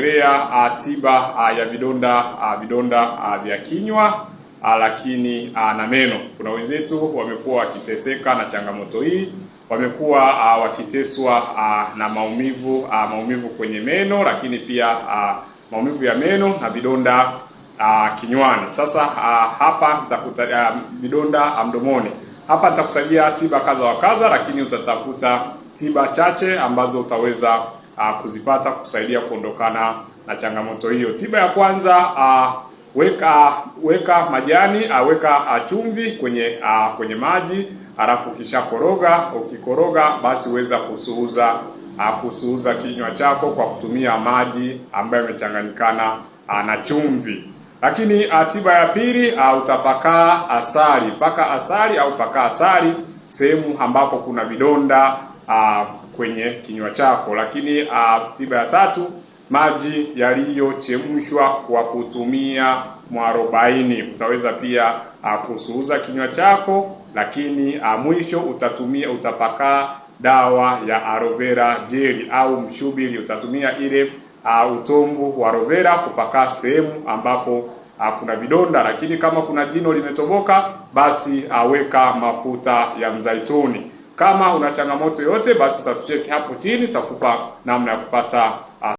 uh, tiba ah, ya vidonda ah, vidonda vya kinywa lakini na meno. Kuna wenzetu wamekuwa wakiteseka na changamoto hii, wamekuwa wakiteswa na maumivu maumivu kwenye meno, lakini pia maumivu ya meno na vidonda kinywani. Sasa hapa nitakutajia vidonda mdomoni, hapa nitakutajia tiba kaza wa kaza lakini utatafuta tiba chache ambazo utaweza uh, kuzipata kusaidia kuondokana na changamoto hiyo. Tiba ya kwanza uh, weka weka majani uh, weka uh, chumvi kwenye uh, kwenye maji kisha koroga. ukikoroga basi uweza kusuuza uh, kusuuza kinywa chako kwa kutumia maji ambayo yamechanganyikana uh, na chumvi. Lakini uh, tiba ya pili uh, utapakaa asali, paka asali au pakaa asali sehemu ambapo kuna vidonda uh, kwenye kinywa chako. Lakini uh, tiba ya tatu, maji yaliyochemshwa kwa kutumia mwarobaini. Utaweza pia uh, kusuuza kinywa chako, lakini uh, mwisho utatumia utapakaa dawa ya arovera jeli au mshubiri. Utatumia ile uh, utombu wa rovera kupakaa sehemu ambapo kuna vidonda, lakini kama kuna jino limetoboka, basi aweka mafuta ya mzaituni. Kama una changamoto yoyote, basi utatucheki hapo chini, tutakupa namna ya kupata ah,